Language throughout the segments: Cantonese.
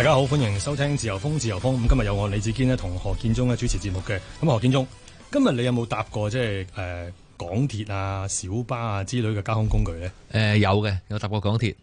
大家好，歡迎收聽自由風自由風。咁今日有我李子堅咧同何建中咧主持節目嘅。咁何建中，今日你有冇搭過即係誒港鐵啊、小巴啊之類嘅交通工具咧？誒、呃，有嘅，有搭過港鐵。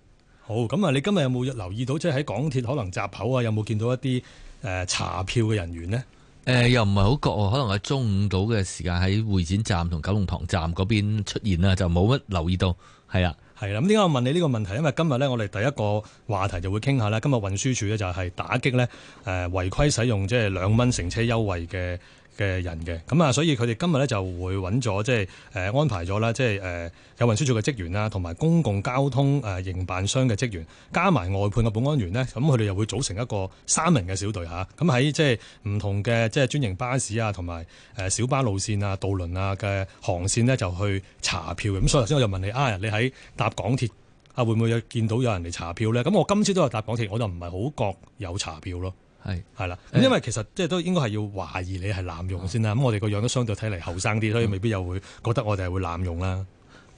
好，咁啊，你今日有冇留意到即係喺港鐵可能閘口啊，有冇見到一啲誒查票嘅人員呢？誒、呃，又唔係好覺，可能喺中午到嘅時間喺會展站同九龍塘站嗰邊出現啦，就冇乜留意到。係啊。係啦，咁點解我問你呢個問題？因為今日咧，我哋第一個話題就會傾下啦，今日運輸署咧就係打擊咧誒違規使用，即係兩蚊乘車優惠嘅嘅人嘅咁啊，所以佢哋今日咧就會揾咗即係安排咗啦，即係、呃、有運輸署嘅職員啦，同埋公共交通誒營辦商嘅職員加埋外判嘅保安員咧，咁佢哋又會組成一個三名嘅小隊吓，咁、啊、喺即係唔同嘅即係專營巴士啊，同埋小巴路線啊、渡輪啊嘅航線咧，就去查票。咁所以頭先我就問你啊，你喺搭港鐵啊，會唔會有見到有人嚟查票咧？咁我今朝都有搭港鐵，我就唔係好覺有查票咯。係係啦，因為其實即係都應該係要懷疑你係濫用先啦。咁、嗯、我哋個樣都相對睇嚟，後生啲，所以未必又會覺得我哋係會濫用啦。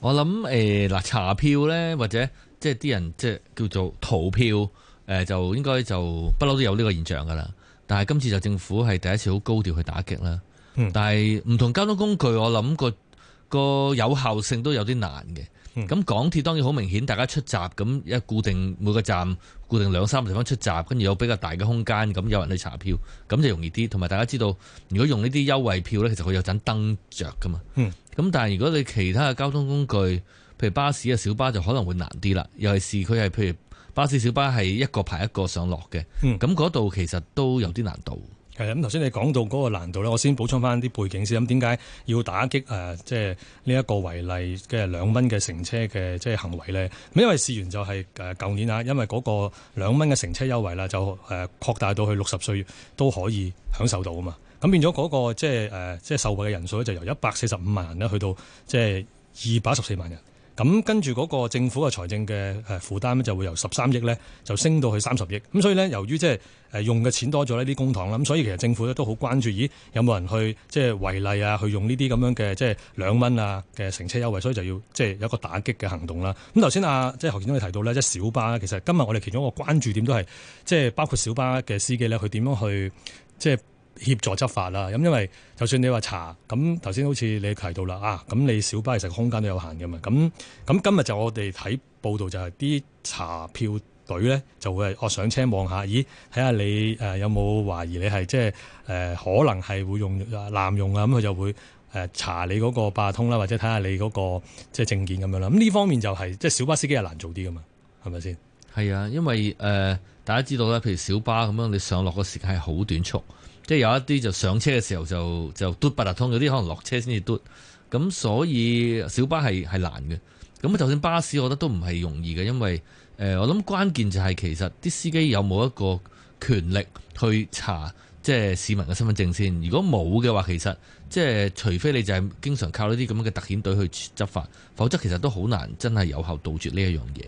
我諗誒嗱，查票咧或者即係啲人即係叫做逃票誒、呃，就應該就不嬲都有呢個現象噶啦。但係今次就政府係第一次好高調去打擊啦。但係唔同交通工具，我諗個。個有效性都有啲難嘅，咁港鐵當然好明顯，大家出閘咁一固定每個站固定兩三個地方出閘，跟住有比較大嘅空間，咁有人去查票，咁就容易啲。同埋大家知道，如果用呢啲優惠票呢，其實佢有盞燈着噶嘛。咁、嗯、但係如果你其他嘅交通工具，譬如巴士啊、小巴就可能會難啲啦。尤其是佢係譬如巴士、小巴係一個排一個上落嘅，咁嗰度其實都有啲難度。咁頭先你講到嗰個難度咧，我先補充翻啲背景先。咁點解要打擊誒即係呢一個違例嘅兩蚊嘅乘車嘅即係行為咧？咁因為試完就係誒舊年啊，因為嗰個兩蚊嘅乘車優惠啦，就誒擴大到去六十歲都可以享受到啊嘛。咁變咗嗰個即係誒即係受惠嘅人數咧，就由一百四十五萬人咧去到即係二百一十四萬人。咁跟住嗰個政府嘅財政嘅誒負擔就會由十三億咧，就升到去三十億。咁所以咧，由於即係用嘅錢多咗呢啲公帑啦，咁所以其實政府咧都好關注，咦有冇人去即係違例啊？去用呢啲咁樣嘅即係兩蚊啊嘅乘車優惠，所以就要即係有一個打擊嘅行動啦。咁頭先啊，即係何建中你提到咧，即係小巴其實今日我哋其中一個關注點都係即係包括小巴嘅司機咧，佢點樣去即係。協助執法啦，咁因為就算你話查，咁頭先好似你提到啦，啊，咁你小巴其實空間都有限嘅嘛，咁咁今日就我哋睇報道就係啲查票隊咧就會係哦上車望下，咦，睇下你誒有冇懷疑你係即係誒可能係會用濫用啊，咁佢就會誒查你嗰個八達通啦，或者睇下你嗰個即係證件咁樣啦。咁呢方面就係即係小巴司機係難做啲嘅嘛，係咪先？係啊，因為、呃、大家知道咧，譬如小巴咁樣，你上落嘅時間係好短促。即係有一啲就上車嘅時候就就嘟八達通，有啲可能落車先至嘟。咁所以小巴係係難嘅。咁就算巴士，我覺得都唔係容易嘅，因為，呃，我諗關鍵就係其實啲司機有冇一個權力去查，即係市民嘅身份證先。如果冇嘅話，其實即係除非你就係經常靠呢啲咁嘅特遣隊去執法，否則其實都好難真係有效杜絕呢一樣嘢。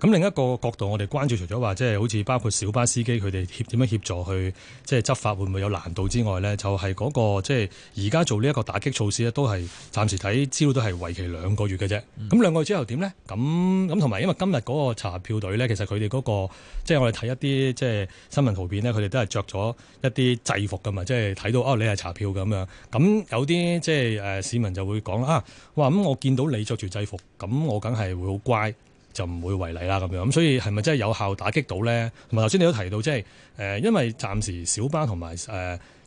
咁另一個角度，我哋關注除咗話即係好似包括小巴司機，佢哋協點樣協助去即係執法，會唔會有難度之外咧，就係、是、嗰、那個即係而家做呢一個打擊措施咧，都係暫時睇招都係為期兩個月嘅啫。咁、嗯、兩個月之後點咧？咁咁同埋因為今日嗰個查票隊咧，其實佢哋嗰個即係、就是、我哋睇一啲即係新聞圖片咧，佢哋都係着咗一啲制服噶嘛，即係睇到哦，你係查票嘅咁樣。咁有啲即係誒市民就會講啊，哇！咁我見到你着住制服，咁我梗係會好乖。就唔會違例啦咁樣，咁所以係咪真係有效打擊到咧？同埋頭先你都提到，即係因為暫時小巴同埋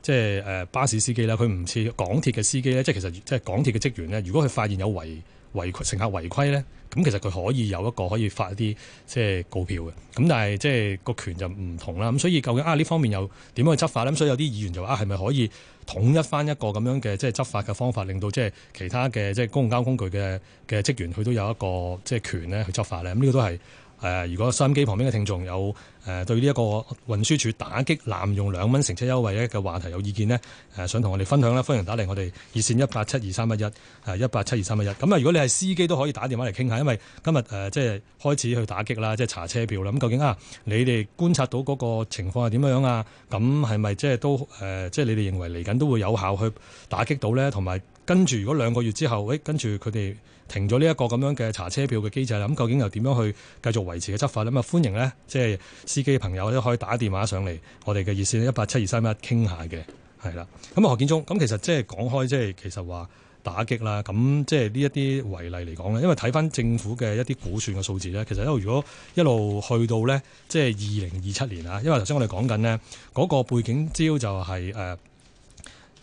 即係巴士司機啦，佢唔似港鐵嘅司機咧，即係其實即係港鐵嘅職員咧，如果佢發現有違違規乘客違規咧，咁其實佢可以有一個可以發一啲即係告票嘅，咁但係即係個權就唔同啦。咁所以究竟啊呢方面又點樣去執法咧？咁所以有啲議員就話啊，係咪可以統一返一個咁樣嘅即係執法嘅方法，令到即係其他嘅即係公共交通工具嘅嘅職員佢都有一個即係權咧去執法咧？咁、這、呢個都係。誒、呃，如果收音機旁邊嘅聽眾有誒、呃、對呢一個運輸署打擊濫用兩蚊乘車優惠嘅話題有意見呢？誒、呃、想同我哋分享啦，歡迎打嚟我哋熱線一八七二三一一，誒一八七二三一一。咁、呃、啊，如果你係司機都可以打電話嚟傾下，因為今日誒、呃、即係開始去打擊啦，即係查車票啦。咁、嗯、究竟啊，你哋觀察到嗰個情況係點樣啊？咁係咪即係都誒、呃？即係你哋認為嚟緊都會有效去打擊到呢？同埋。跟住如果兩個月之後，誒、哎、跟住佢哋停咗呢一個咁樣嘅查車票嘅機制啦，咁、嗯、究竟又點樣去繼續維持嘅執法呢？咁、嗯、啊歡迎呢，即、就、係、是、司機朋友都可以打電話上嚟我哋嘅熱線一八七二三一傾下嘅，係啦。咁、嗯、啊何建忠，咁、嗯、其實即係講開即係其實話打擊啦，咁即係呢一啲違例嚟講呢，因為睇翻政府嘅一啲估算嘅數字呢，其實一路如果一路去到呢，即係二零二七年啊，因為頭先我哋講緊呢嗰個背景招就係、是呃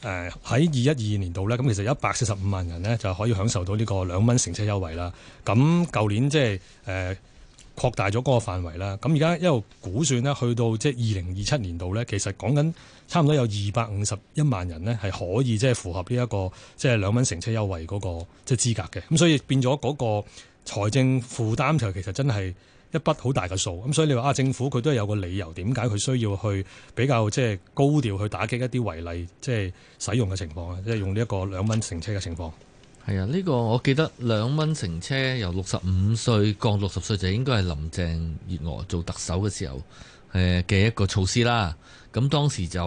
誒喺二一二年度呢，咁其實一百四十五萬人呢，就可以享受到呢個兩蚊乘車優惠啦。咁舊年即係誒擴大咗嗰個範圍啦。咁而家一路估算呢，去到即係二零二七年度呢，其實講緊差唔多有二百五十一萬人呢，係可以即係符合呢一個即係兩蚊乘車優惠嗰個即係資格嘅。咁所以變咗嗰個財政負擔就其實真係，一筆好大嘅數，咁所以你話啊，政府佢都係有個理由，點解佢需要去比較即係高調去打擊一啲違例即係使用嘅情況咧？即係用呢一個兩蚊乘車嘅情況。係啊，呢個我記得兩蚊乘車由六十五歲降六十歲就應該係林鄭月娥做特首嘅時候誒嘅一個措施啦。咁當時就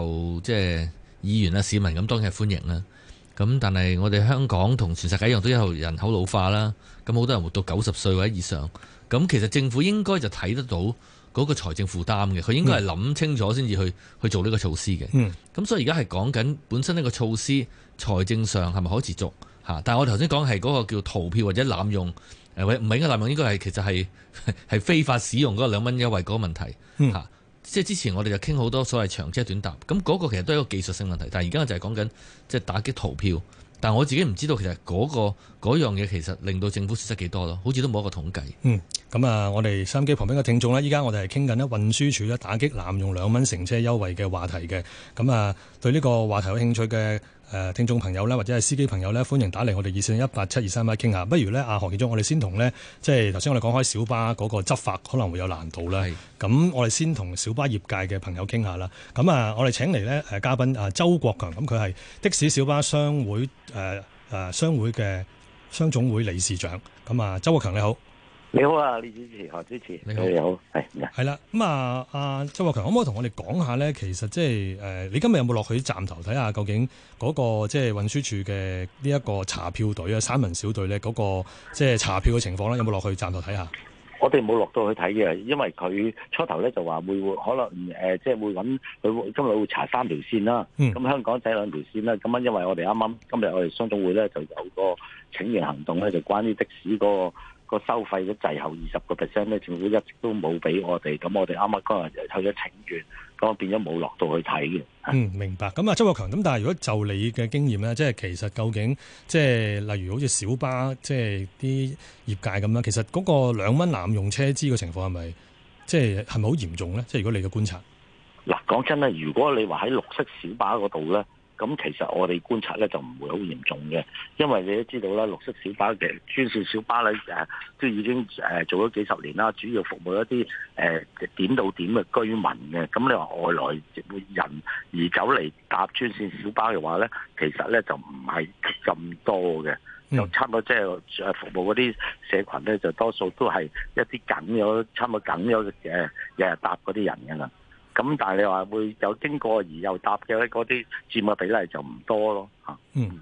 即係、就是、議員啦、市民咁當然係歡迎啦。咁但係我哋香港同全世界一樣，都一路人口老化啦。咁好多人活到九十歲或者以上。咁其實政府應該就睇得到嗰個財政負擔嘅，佢應該係諗清楚先至去、嗯、去做呢個措施嘅。咁、嗯、所以而家係講緊本身呢個措施財政上係咪可持續吓？但我我頭先講係嗰個叫逃票或者濫用，誒喂，唔係應該濫用，應該係其實係係 非法使用嗰兩蚊優惠嗰個問題吓。即係、嗯、之前我哋就傾好多所謂長車短搭，咁嗰個其實都係一個技術性問題。但而家就係講緊即係打擊逃票，但我自己唔知道其實嗰、嗰個。嗰樣嘢其實令到政府損失幾多咯？好似都冇一個統計。嗯，咁啊，我哋收音機旁邊嘅聽眾呢，依家我哋係傾緊呢運輸署咧打擊濫用兩蚊乘車優惠嘅話題嘅。咁啊，對呢個話題有興趣嘅誒聽眾朋友呢，或者係司機朋友呢，歡迎打嚟我哋熱線一八七二三一傾下。不如呢，阿何建中，我哋先同呢，即係頭先我哋講開小巴嗰個執法可能會有難度啦。咁我哋先同小巴業界嘅朋友傾下啦。咁啊，我哋請嚟呢誒嘉賓啊，周國強，咁佢係的士小巴商會商總會嘅。商總會理事長，咁啊，周國強你好，你好啊，李主持、何主持，你好，你好，係係啦，咁啊，阿周國強可唔可以同我哋講下咧？其實即係誒，你今日有冇落去站頭睇下，究竟嗰個即係運輸署嘅呢一個查票隊啊，三文小隊咧，嗰個即係查票嘅情況咧，有冇落去站台睇下？我哋冇落到去睇嘅，因為佢初頭咧就話會可能誒、呃，即係會揾佢會今日會查三條線啦。咁、嗯、香港仔兩條線啦。咁樣因為我哋啱啱今日我哋商總會咧就有個請願行動咧，就關於的士的個個收費嘅滯後二十個 percent 咧，政府一直都冇俾我哋。咁我哋啱啱今日就去咗請願。當變咗冇落到去睇嘅。嗯，明白。咁啊，周國強，咁但係如果就你嘅經驗咧，即係其實究竟，即係例如好似小巴，即係啲業界咁樣，其實嗰個兩蚊濫用車資嘅情況係咪，即係係咪好嚴重咧？即係如果你嘅觀察。嗱，講真咧，如果你話喺綠色小巴嗰度咧。咁其實我哋觀察咧就唔會好嚴重嘅，因為你都知道啦，綠色小巴嘅專線小巴咧誒，都已經誒做咗幾十年啦，主要服務一啲誒、呃、點到點嘅居民嘅。咁你話外來人而走嚟搭專線小巴嘅話咧，其實咧就唔係咁多嘅，就差唔多即係服務嗰啲社群咧，就多數都係一啲緊咗、差唔多緊咗嘅日日搭嗰啲人㗎嘛。咁但係你話會有經過而又搭嘅咧，嗰啲佔嘅比例就唔多咯。吓，嗯，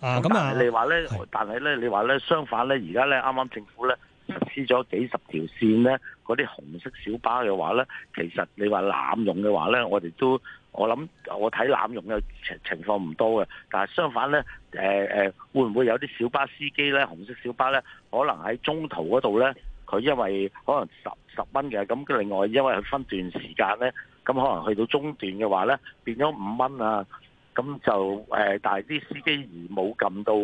咁啊，你話咧，但係咧，你話咧，相反咧，而家咧，啱啱政府咧，實施咗幾十條線咧，嗰啲紅色小巴嘅話咧，其實你話濫用嘅話咧，我哋都，我諗我睇濫用嘅情情況唔多嘅。但係相反咧，誒誒，會唔會有啲小巴司機咧，紅色小巴咧，可能喺中途嗰度咧？佢因為可能十十蚊嘅，咁另外因為佢分段時間呢，咁可能去到中段嘅話呢，變咗五蚊啊，咁就誒，但係啲司機而冇撳到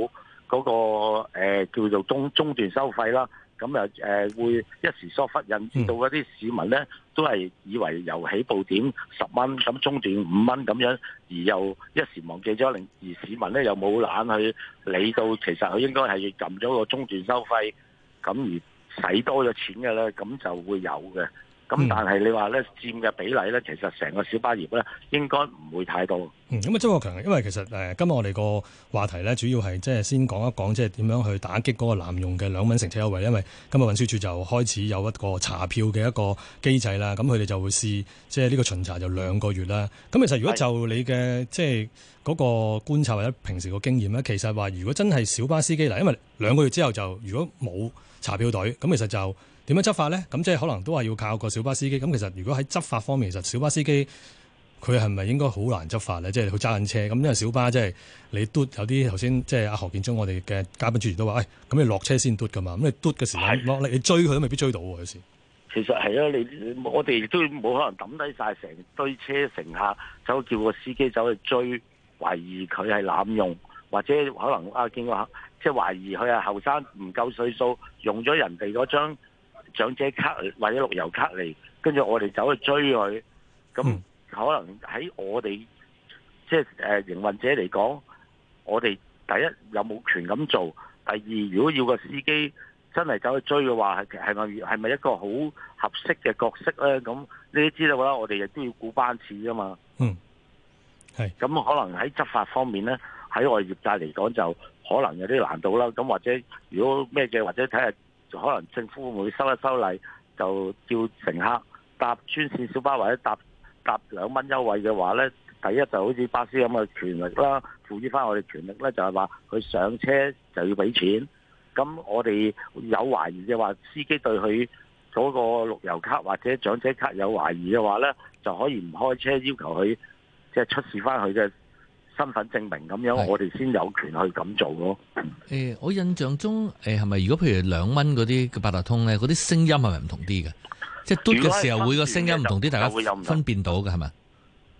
嗰個誒叫做中中段收費啦，咁又誒會一時疏忽，引致到一啲市民呢都係以為由起步點十蚊，咁中段五蚊咁樣，而又一時忘記咗，而市民呢又冇懶去理到，其實佢應該係要撳咗個中段收費，咁而。使多咗錢嘅咧，咁就會有嘅。咁但係你話咧，佔嘅比例咧，嗯，其實成個小巴業咧，應該唔會太多。咁、嗯、啊，周國強，因為其實今日我哋個話題咧，主要係即係先講一講，即係點樣去打擊嗰個濫用嘅兩蚊乘車優惠。因為今日運輸署就開始有一個查票嘅一個機制啦。咁佢哋就會試即係呢個巡查就兩個月啦。咁其實如果就你嘅即係嗰個觀察或者平時個經驗咧，其實話如果真係小巴司機嗱，因為兩個月之後就如果冇，查票隊，咁其實就點樣執法咧？咁即係可能都係要靠個小巴司機。咁其實如果喺執法方面，其實小巴司機佢係咪應該好難執法咧？即係佢揸緊車咁，因為小巴即係你嘟有啲頭先，即係阿何建忠我哋嘅嘉賓主持都話：喂，咁你落車先嘟㗎嘛？咁你嘟嘅時間落你追佢都未必追到嘅先。有時其實係啊，你我哋都冇可能抌低晒成堆車乘客，走叫個司機走去追，懷疑佢係濫用，或者可能阿建話。啊即係懷疑佢係後生唔夠歲數，用咗人哋嗰張長者卡或者樂悠卡嚟，跟住我哋走去追佢。咁可能喺我哋即係誒、呃、營運者嚟講，我哋第一有冇權咁做？第二，如果要個司機真係走去追嘅話，係咪係咪一個好合適嘅角色咧？咁你都知道啦，我哋亦都要顧班次噶嘛。嗯，係。咁可能喺執法方面咧，喺我業界嚟講就。可能有啲難度啦，咁或者如果咩嘅，或者睇下，可能政府會唔會收一收例，就叫乘客搭專線小巴或者搭搭兩蚊優惠嘅話呢，第一就好似巴士咁嘅權力啦，賦予翻我哋權力呢，就係話佢上車就要畀錢，咁我哋有懷疑嘅話，司機對佢嗰個樂悠卡或者長者卡有懷疑嘅話呢就可以唔開車，要求佢即係出示翻佢嘅。身份證明咁樣，我哋先有權去咁做咯。誒、欸，我印象中，誒，係咪如果譬如兩蚊嗰啲八達通咧，嗰啲聲音係咪唔同啲嘅？即係嘟嘅時候的會個聲音唔同啲，大家分辨到嘅係咪？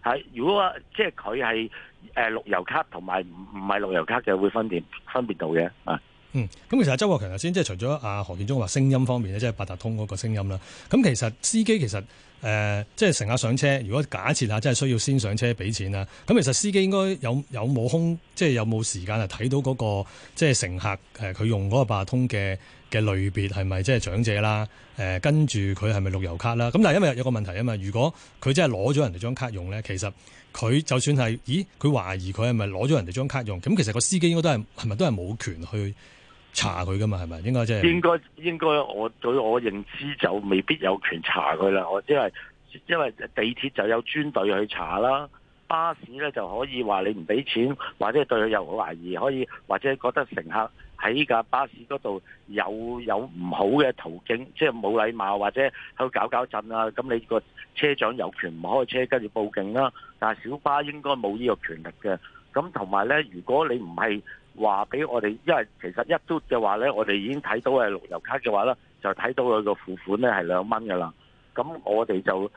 係，如果即係佢係誒樂悠卡同埋唔唔係樂悠卡嘅，會分辨分辨到嘅啊。嗯，咁其實阿周國強頭先即係除咗阿何建中話聲音方面咧，即係八達通嗰個聲音啦。咁其實司機其實誒，即係乘客上車，如果假設下真係需要先上車俾錢啊，咁其實司機應該有有冇空，即係有冇時間啊？睇到嗰個即係乘客誒，佢、呃、用嗰個八達通嘅嘅類別係咪即係長者啦？誒、呃，跟住佢係咪樂悠卡啦？咁但係因為有個問題啊嘛，如果佢真係攞咗人哋張卡用咧，其實佢就算係，咦？佢懷疑佢係咪攞咗人哋張卡用？咁其實個司機應該都係係咪都係冇權去？查佢㗎嘛，係咪？應該即係應該應該，應該我對我認知就未必有權查佢啦。我因為因為地鐵就有專隊去查啦，巴士咧就可以話你唔俾錢，或者對佢有好懷疑，可以或者覺得乘客喺架巴士嗰度有有唔好嘅途徑，即係冇禮貌或者喺度搞搞震啊。咁你個車長有權唔開車，跟住報警啦。但係小巴應該冇呢個權力嘅。咁同埋咧，如果你唔係，話俾我哋，因為其實一嘟嘅話呢，我哋已經睇到係樂悠卡嘅話呢，就睇到佢個付款呢係兩蚊噶啦。咁我哋就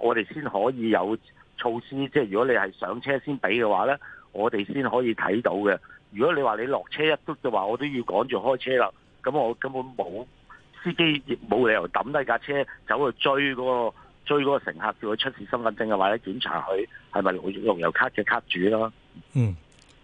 我哋先可以有措施，即係如果你係上車先畀嘅話呢，我哋先可以睇到嘅。如果你話你落車一嘟嘅話，我都要趕住開車啦。咁我根本冇司機亦冇理由抌低架車走去追嗰個追嗰個乘客，叫佢出示身份證嘅話呢，檢查佢係咪樂悠卡嘅卡主咯。嗯。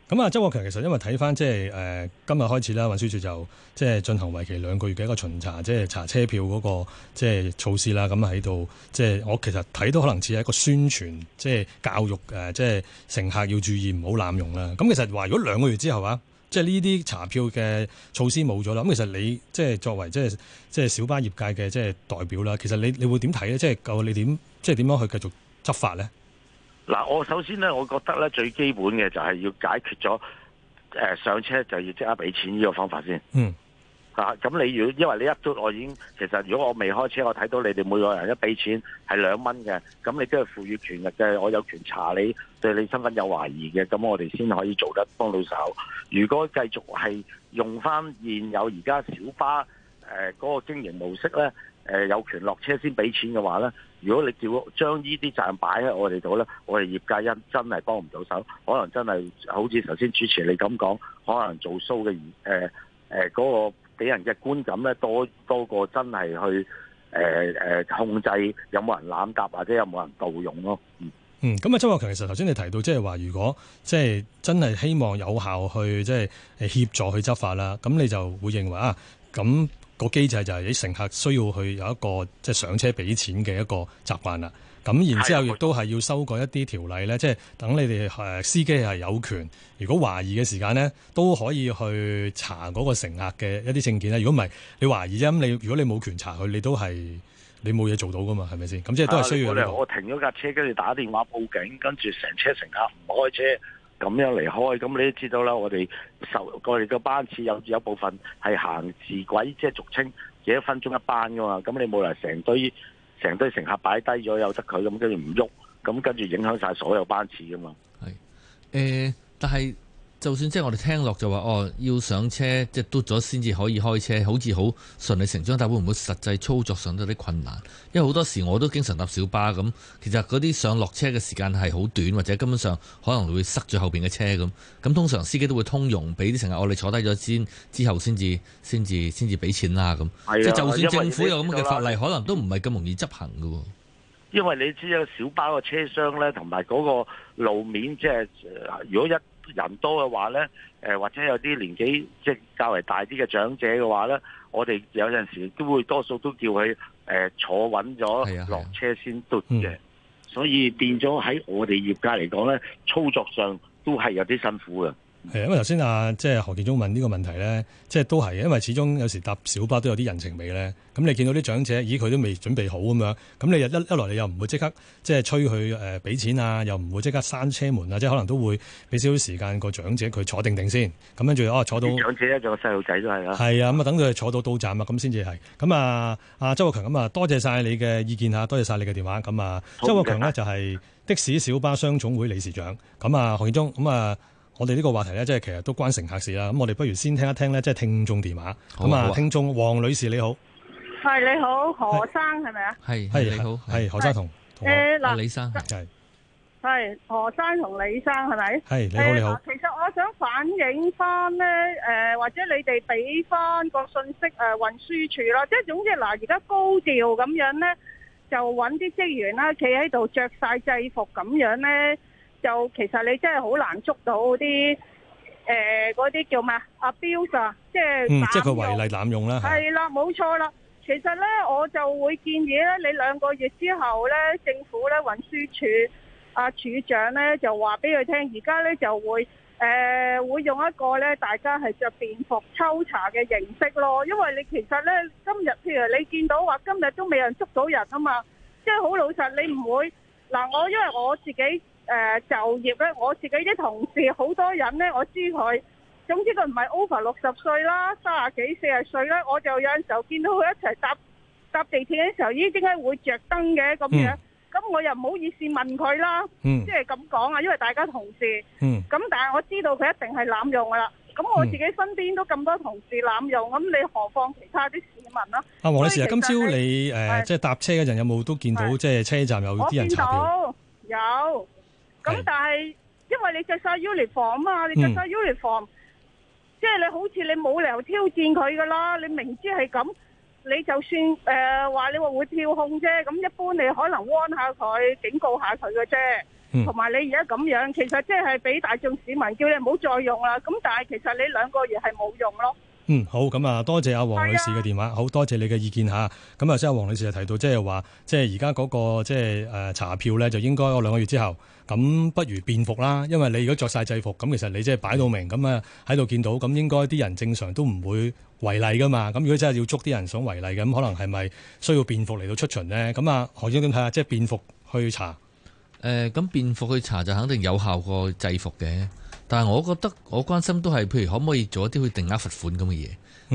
咁啊，周國強其實因為睇返即係誒今日開始啦，運輸署就即係進行為期兩個月嘅一個巡查，即係查車票嗰個即係措施啦。咁喺度即係我其實睇到都可能似係一個宣傳，即係教育誒，即係乘客要注意唔好濫用啦。咁其實話如果兩個月之後啊，即係呢啲查票嘅措施冇咗啦，咁其實你即係作為即係即係小巴業界嘅即係代表啦，其實你你會點睇咧？即係究竟你點即係點樣去繼續執法咧？嗱，我首先咧，我覺得咧，最基本嘅就係要解決咗、呃、上車就要即刻俾錢呢個方法先。嗯。啊，咁你如果因為你一嘟我已經，其實如果我未開車，我睇到你哋每個人一俾錢係兩蚊嘅，咁你都係賦予權力嘅，我有權查你對你身份有懷疑嘅，咁我哋先可以做得幫到手。如果繼續係用翻現有而家小巴誒嗰、呃嗰個經營模式咧。誒、呃、有權落車先俾錢嘅話咧，如果你照將呢啲責任擺喺我哋度咧，我哋業界真真係幫唔到手，可能真係好似頭先主持你咁講，可能做 show 嘅誒嗰個俾人嘅觀感咧多多過真係去、呃呃、控制有冇人濫搭或者有冇人盜用咯。嗯，嗯，咁啊，周國強其實頭先你提到即係話，如果即係真係希望有效去即係協助去執法啦，咁你就會認為啊，咁。個機制就係你乘客需要去有一個即係、就是、上車俾錢嘅一個習慣啦。咁然之後亦都係要修改一啲條例咧，即係等你哋、呃、司機係有權，如果懷疑嘅時間咧，都可以去查嗰個乘客嘅一啲證件咧。如果唔係你懷疑啫，咁你如果你冇權查佢，你都係你冇嘢做到噶嘛，係咪先？咁即係都係需要、這個啊你你。我停咗架車，跟住打電話報警，跟住成車乘客唔開車。咁樣離開，咁你都知道啦。我哋受，我哋個班次有有部分係行字軌，即、就、係、是、俗稱幾分鐘一班噶嘛。咁你冇理由成堆，成堆乘客擺低咗，有得佢咁，跟住唔喐，咁跟住影響晒所有班次噶嘛。係，誒、呃，但係。就算即係我哋聽落就話哦，要上車即係嘟咗先至可以開車，好似好順理成章，但會唔會實際操作上都有啲困難？因為好多時我都經常搭小巴咁，其實嗰啲上落車嘅時間係好短，或者根本上可能會塞住後邊嘅車咁。咁通常司機都會通融，俾啲乘客我哋坐低咗先，之後先至先至先至俾錢啦咁。即係就算政府有咁嘅法例，可能都唔係咁容易執行嘅。因為你知有小巴個車廂咧，同埋嗰個路面、即係，即、呃、係如果一人多嘅話呢，呃，或者有啲年紀即係較為大啲嘅長者嘅話呢，我哋有陣時都會多數都叫佢、呃、坐穩咗落車先嘟嘅，所以變咗喺我哋業界嚟講呢，操作上都係有啲辛苦嘅。係，因為頭先啊，即係何建中問呢個問題咧，即係都係因為始終有時搭小巴都有啲人情味咧。咁你見到啲長者，咦，佢都未準備好咁樣，咁你又一一來，你又唔會即刻即係催佢誒俾錢啊，又唔會即刻閂車門啊，即係可能都會俾少少時間個長者佢坐定定先。咁跟住哦，坐到長者仲有細路仔都係啦，係啊，咁啊，等佢坐到到站啊，咁先至係咁啊。阿周國強咁啊，多謝晒你嘅意見嚇，多謝晒你嘅電話咁啊。周國強呢，就係的士小巴商總會理事長咁啊。何建中。咁啊。我哋呢個話題咧，即係其實都關乘客事啦。咁我哋不如先聽一聽咧，即係聽眾電話。咁啊，聽眾黃女士你好，係你好，何生係咪啊？係，係你好，係何生同誒嗱，李生係，係何生同李生係咪？係，你好你好，呃。其實我想反映翻咧，誒，或者你哋俾翻個信息誒運輸處啦，即係總之嗱，而家高調咁樣咧，就搵啲職員啦，企喺度着晒制服咁樣咧。就其實你真係好難捉到啲誒嗰啲叫咩啊 abuse 啊，即係即係佢違例濫用啦，係啦，冇錯啦。其實咧，我就會建議咧，你兩個月之後咧，政府咧運輸署阿、啊、署長咧就話俾佢聽，而家咧就會誒、呃、會用一個咧大家係着便服抽查嘅形式咯。因為你其實咧今日譬如你見到話今日都未有人捉到人啊嘛，即係好老實，你唔會嗱我因為我自己。誒就業咧，我自己啲同事好多人咧，我知佢總之佢唔係 over 六十歲啦，三十幾四十歲咧，我就有陣時候見到佢一齊搭搭地鐵嗰陣時候，咦？點解會著燈嘅咁樣？咁我又唔好意思問佢啦，即係咁講啊，因為大家同事。嗯。咁但係我知道佢一定係濫用㗎喇。咁我自己身邊都咁多同事濫用，咁你何況其他啲市民啦？阿黃女士，今朝你誒即係搭車嗰陣有冇都見到即係車站有啲人查票？有。咁但係，因為你着晒 uniform 啊嘛，你着晒 uniform，即係你好似你冇理由挑戰佢噶啦，你明知係咁，你就算誒話、呃、你話會跳控啫，咁一般你可能 warn 下佢，警告一下佢嘅啫，同、嗯、埋你而家咁樣，其實即係俾大眾市民叫你唔好再用啦。咁但係其實你兩個月係冇用咯。嗯，好，咁啊，多謝阿黃女士嘅電話，好多謝你嘅意見吓。咁啊，先阿黃女士就提到就，即係話，即係而家嗰個即係誒查票咧，就應該個兩個月之後，咁不如便服啦。因為你如果着晒制服，咁其實你即係擺到明，咁啊喺度見到，咁應該啲人正常都唔會違例噶嘛。咁如果真係要捉啲人想違例嘅，咁可能係咪需要便服嚟到出巡呢？咁啊，何總點睇下，即係便服去查？誒、呃，咁便服去查就肯定有效過制服嘅。但係我覺得我關心都係，譬如可唔可以做一啲去定額罰款咁嘅嘢，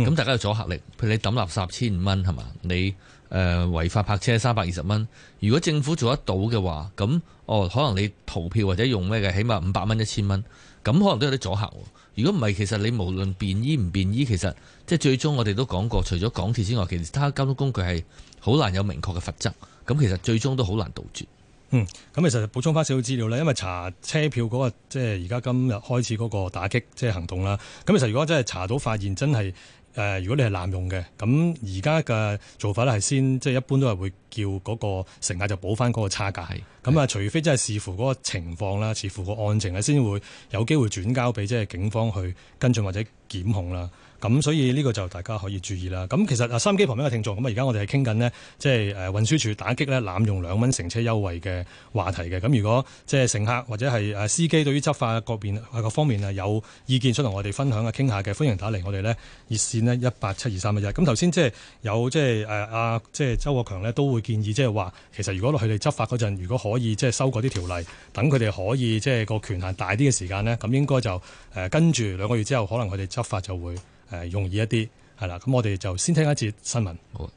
咁、嗯、大家有阻嚇力。譬如你抌垃圾千五蚊係嘛？你誒、呃、違法泊車三百二十蚊。如果政府做得到嘅話，咁哦可能你逃票或者用咩嘅，起碼五百蚊一千蚊，咁可能都有啲阻嚇。如果唔係，其實你無論便衣唔便衣，其實即係最終我哋都講過，除咗港鐵之外，其他交通工具係好難有明確嘅罰則。咁其實最終都好難杜絕。嗯，咁其實補充返少少資料啦。因為查車票嗰個即係而家今日開始嗰個打擊即係行動啦。咁其實如果真係查到，發現真係誒、呃，如果你係濫用嘅，咁而家嘅做法咧係先即係一般都係會。叫嗰個乘客就補翻嗰個差價，係咁啊。除非真係視乎嗰個情況啦，視乎個案情啊，先會有機會轉交俾即係警方去跟進或者檢控啦。咁所以呢個就大家可以注意啦。咁其實啊，三機旁邊嘅聽眾咁啊，而家我哋係傾緊咧，即係誒運輸署打擊咧濫用兩蚊乘車優惠嘅話題嘅。咁如果即係乘客或者係誒司機對於執法個邊啊個方面啊有意見想同我哋分享啊傾下嘅，歡迎打嚟我哋咧熱線咧一八七二三一一。咁頭先即係有即係誒阿即係周國強咧都會。建議即係話，其實如果佢哋執法嗰陣，如果可以即係修改啲條例，等佢哋可以即係個權限大啲嘅時間呢，咁應該就誒跟住兩個月之後，可能佢哋執法就會誒、呃、容易一啲係啦。咁我哋就先聽一節新聞。好，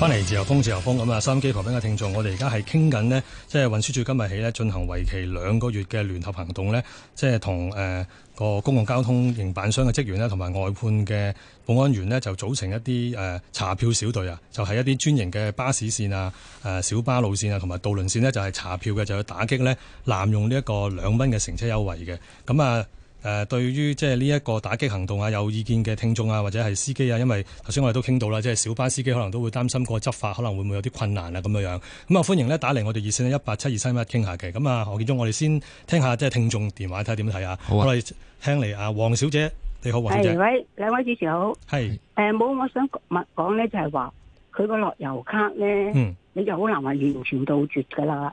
翻嚟自由風，自由風咁啊！收音機旁邊嘅聽眾，我哋而家係傾緊呢，即、就、係、是、運輸署今日起咧進行為期兩個月嘅聯合行動呢，即係同誒。呃個公共交通營辦商嘅職員咧，同埋外判嘅保安員咧，就組成一啲誒查票小隊啊，就係一啲專營嘅巴士線啊、誒小巴路線啊，同埋渡輪線咧，就係查票嘅，就去打擊呢濫用呢一個兩蚊嘅乘車優惠嘅，咁啊。誒、呃、對於即係呢一個打擊行動啊，有意見嘅聽眾啊，或者係司機啊，因為頭先我哋都傾到啦，即、就、係、是、小巴司機可能都會擔心個執法可能會唔會有啲困難啊咁樣，咁啊歡迎咧打嚟我哋熱線一八七二三一傾下嘅。咁啊何建中，我哋先聽下即係聽眾電話睇下點睇啊。我哋聽嚟啊，黃小姐，你好黃小姐，兩位主持好。係冇、呃，我想講咧就係話佢個樂悠卡咧、嗯，你就好難話完全杜絕㗎啦。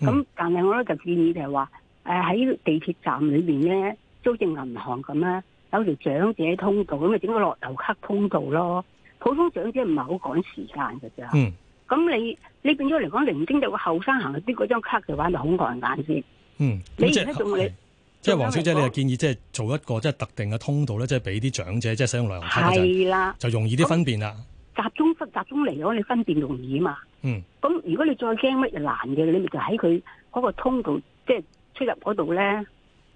咁、嗯、但係我咧就建議就係話喺地鐵站裏邊咧。租借銀行咁咧，有條長者通道，咁咪整個樂悠卡通道咯。普通長者唔係好趕時間嘅咋。嗯。咁你你變咗嚟講，零星有個後生行入嗰張卡嘅話，就好礙眼先。嗯。你仲你，即係黃小姐，你就建議即係做一個即係特定嘅通道咧，即係俾啲長者即係使用樂悠卡就。係啦。就容易啲分辨啦。集中集集中嚟咗，你分辨容易嘛。嗯。咁如果你再驚乜嘢難嘅，你咪就喺佢嗰個通道，即係出入嗰度咧。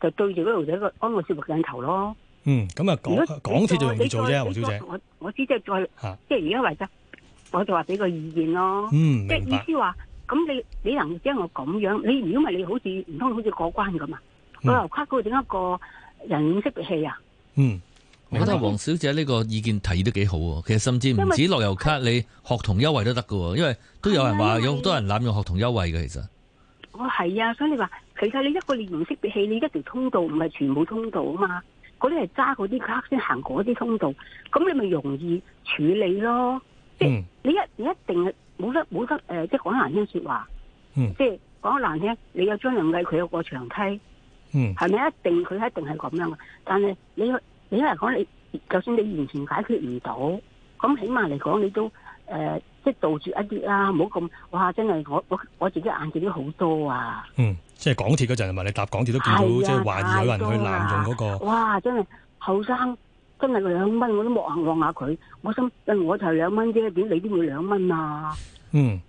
就對住嗰度一個安個攝像頭咯。嗯，咁啊，港港鐵就易做啫，黃小姐。我我知即係再，啊、即係而家為質，我就話俾個意見咯。嗯、即係意思話，咁你你能將我咁樣？你如果咪你好似唔通好似過關咁啊？旅、嗯、遊卡嗰度整一個人臉識別器啊？嗯，我覺得黃小姐呢個意見提議都幾好喎。其實甚至唔止旅遊卡，你學童優惠都得嘅喎。因為都有人話有好多人濫用學童優惠嘅其實。我、哦、係啊，所以你話其實你一個連唔識別器，你一條通道唔係全部通道啊嘛，嗰啲係揸嗰啲，卡先行嗰啲通道，咁你咪容易處理咯。即係、嗯、你一你一定冇得冇得誒、呃，即係講難聽説話。嗯，即係講難聽，你有障人嘅佢有個長梯。嗯，係咪一定佢一定係咁樣的？但係你你嚟講，你，你就算你完全解決唔到，咁起碼嚟講你都。誒，即係杜絕一啲啦，唔好咁哇！真係我我我自己眼見都好多啊。嗯，即係港鐵嗰陣，咪你搭港鐵都見到，即係懷疑有人去濫用嗰個。哇，真係後生，真係兩蚊我都望下望下佢，我心，我就係兩蚊啫，點你都冇兩蚊啊？嗯，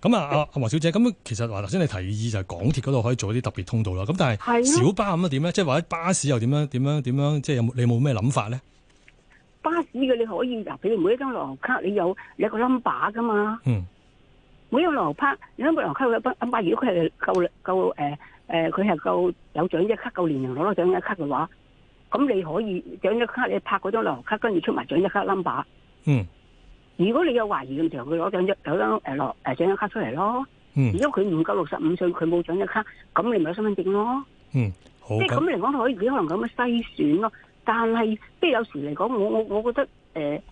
咁啊，阿阿黃小姐，咁其實話頭先，你提議就係港鐵嗰度可以做啲特別通道啦。咁但係小巴咁樣點咧？即係或者巴士又點樣？點樣點樣？即係有冇你冇咩諗法咧？巴士嘅你可以嗱，譬如每一張樂悠卡，你有一個 number 噶嘛。嗯。每一張樂悠卡，一張樂悠卡佢一 number，如果佢係夠啦夠誒誒佢係夠有長者卡夠年齡攞到長者卡嘅話，咁你可以長者卡，你拍嗰張樂悠卡，跟住出埋長者卡 number。嗯。如果你有懷疑嘅時候，佢攞長者有張誒落誒長者卡出嚟咯。嗯。如果佢唔夠六十五歲，佢冇長者卡，咁你咪有身份證咯。嗯。好。即係咁嚟講，可以可能咁樣篩選咯。但係，即係有時嚟講，我我我覺得，誒、呃，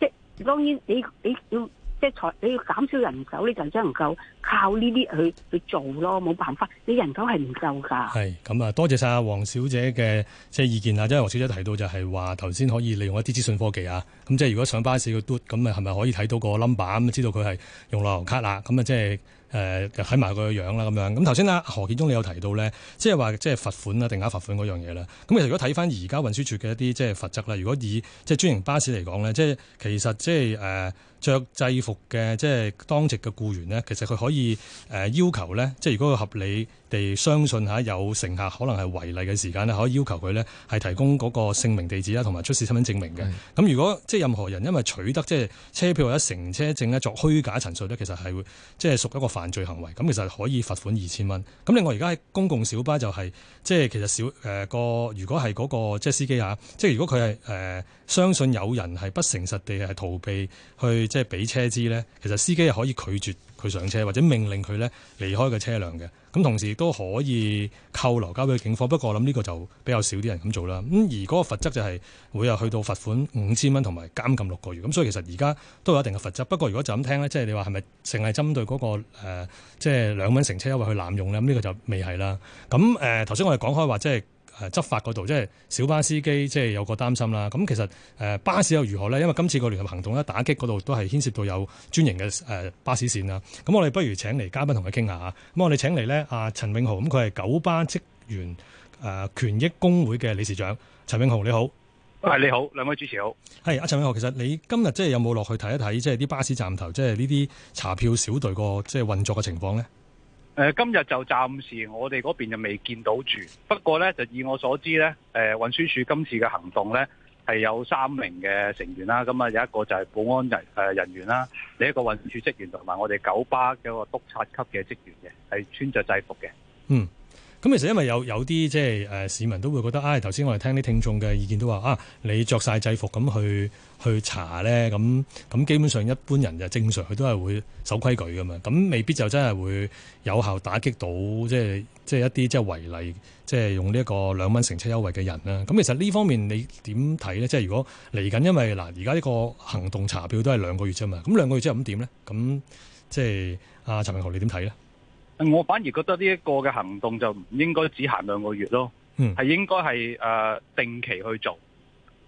即係當然你，你你要即係你要減少人手你就真能夠靠呢啲去去做咯，冇辦法，你人手係唔夠㗎。係咁啊，多謝晒黃小姐嘅即係意見啊！因為黃小姐提到就係話，頭先可以利用一啲資訊科技啊，咁、嗯、即係如果上巴士佢嘟、嗯，咁啊，係咪可以睇到個 number、嗯、知道佢係用樂悠卡啦咁啊，即係。誒，睇埋個樣啦，咁樣咁頭先啦，何建忠你有提到咧，即係話即係罰款啦，定額罰款嗰樣嘢啦。咁其實如果睇翻而家運輸署嘅一啲即係罰則啦，如果以即係專營巴士嚟講咧，即係其實即係誒著制服嘅即係當值嘅僱員呢，其實佢可以誒要求咧，即係如果佢合理。你哋相信吓有乘客可能係違例嘅時間咧，可以要求佢咧係提供嗰個姓名地址啊，同埋出示身份證明嘅。咁如果即係任何人因為取得即係車票或者乘車證咧作虛假陳述咧，其實係會即係屬一個犯罪行為，咁其實可以罰款二千蚊。咁另外而家喺公共小巴就係即係其實小誒個、呃、如果係嗰個即係司機啊，即係如果佢係誒相信有人係不誠實地係逃避去即係俾車資咧，其實司機係可以拒絕佢上車或者命令佢咧離開嘅車輛嘅，咁同時都可以扣留交俾警方。不過我諗呢個就比較少啲人咁做啦。咁而嗰個罰則就係每日去到罰款五千蚊同埋監禁六個月。咁所以其實而家都有一定嘅罰則。不過如果就咁聽咧，即係你話係咪淨係針對嗰、嗰個即係兩蚊乘車優惠去濫用咧？咁、嗯、呢個就未係啦。咁誒頭先我哋講開話即係，即係執法嗰度，即係小巴司機，即係有個擔心啦。咁其實巴士又如何咧？因為今次個聯合行動打擊嗰度，都係牽涉到有專營嘅巴士線啦。咁我哋不如請嚟嘉賓同佢傾下嚇。咁我哋請嚟咧，阿陳詠豪，咁佢係九巴職員權益工會嘅理事長。陳詠豪你好，你好，兩位主持好。阿陳詠豪，其實你今日即係有冇落去睇一睇，即係啲巴士站頭，即係呢啲查票小隊個即係運作嘅情況咧？誒，今日就暫時我哋嗰邊就未見到住。不過呢，就以我所知呢，誒運輸署今次嘅行動呢，係有三名嘅成員啦。咁啊，有一個就係保安人誒人員啦，另一個運輸署職員同埋我哋九巴嘅一個督察級嘅職員嘅，係穿着制服嘅。嗯。咁其實因為有有啲即係誒市民都會覺得，啊頭先我哋聽啲聽眾嘅意見都話啊，你着晒制服咁去去查咧，咁咁基本上一般人就正常，佢都係會守規矩噶嘛，咁未必就真係會有效打擊到即係即係一啲即係違例，即係用呢一個兩蚊乘車優惠嘅人啦。咁其實呢方面你點睇咧？即係如果嚟緊，因為嗱而家呢個行動查票都係兩個月啫嘛，咁兩個月之後咁點咧？咁即係阿陳詠豪，你點睇咧？我反而覺得呢一個嘅行動就唔應該只行兩個月咯，係、嗯、應該係誒定期去做，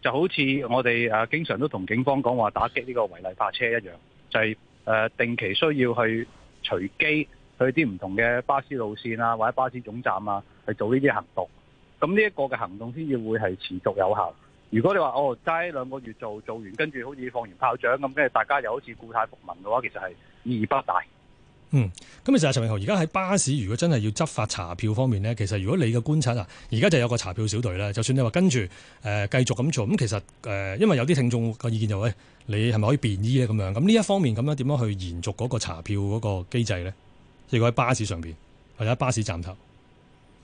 就好似我哋誒、呃、經常都同警方講話打擊呢個違例泊車一樣，就係、是、誒、呃、定期需要去隨機去啲唔同嘅巴士路線啊，或者巴士總站啊，去做呢啲行動。咁呢一個嘅行動先至會係持續有效。如果你話哦齋兩個月做，做完跟住好似放完炮仗咁，跟住大家又好似故態復萌嘅話，其實係意義不大。嗯，咁其實陳詠豪，而家喺巴士，如果真係要執法查票方面呢，其實如果你嘅觀察啊，而家就有個查票小隊呢。就算你話跟住誒、呃、繼續咁做，咁其實、呃、因為有啲聽眾嘅意見就喂、是哎，你係咪可以便衣咧咁樣？咁呢一方面咁樣點樣去延續嗰個查票嗰個機制呢？如果喺巴士上面，或者巴士站頭。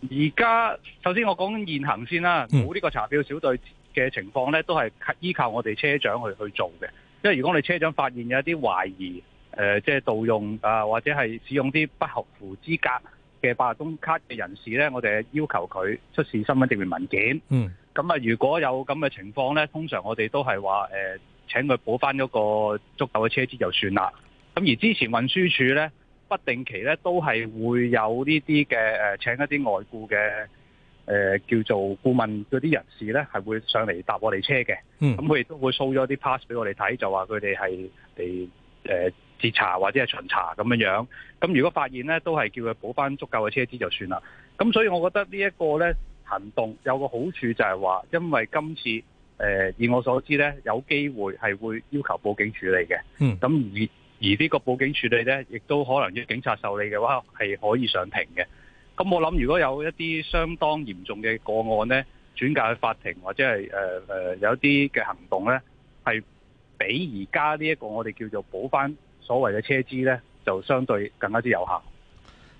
而家首先我講現行先啦，冇呢個查票小隊嘅情況呢，都係依靠我哋車長去去做嘅，因為如果你車長發現有一啲懷疑。誒、呃，即係盜用啊，或者係使用啲不合乎資格嘅八達通卡嘅人士咧，我哋要求佢出示身份證明文件。嗯，咁啊，如果有咁嘅情況咧，通常我哋都係話誒，請佢補翻嗰個足夠嘅車資就算啦。咁、嗯、而之前運輸署咧，不定期咧都係會有呢啲嘅誒，請一啲外顧嘅誒叫做顧問嗰啲人士咧，係會上嚟搭我哋車嘅。嗯，咁佢亦都會 show 咗啲 pass 俾我哋睇，就話佢哋係嚟誒。呃自查或者係巡查咁樣樣，咁如果發現呢都係叫佢補翻足夠嘅車資就算啦。咁所以，我覺得呢一個呢行動有個好處就係話，因為今次誒、呃、以我所知呢，有機會係會要求報警處理嘅。嗯。咁而而呢個報警處理呢，亦都可能要警察受理嘅話，係可以上庭嘅。咁我諗，如果有一啲相當嚴重嘅個案呢，轉嫁去法庭或者係誒誒有一啲嘅行動呢，係比而家呢一個我哋叫做補翻。所謂嘅車資呢，就相對更加之有效。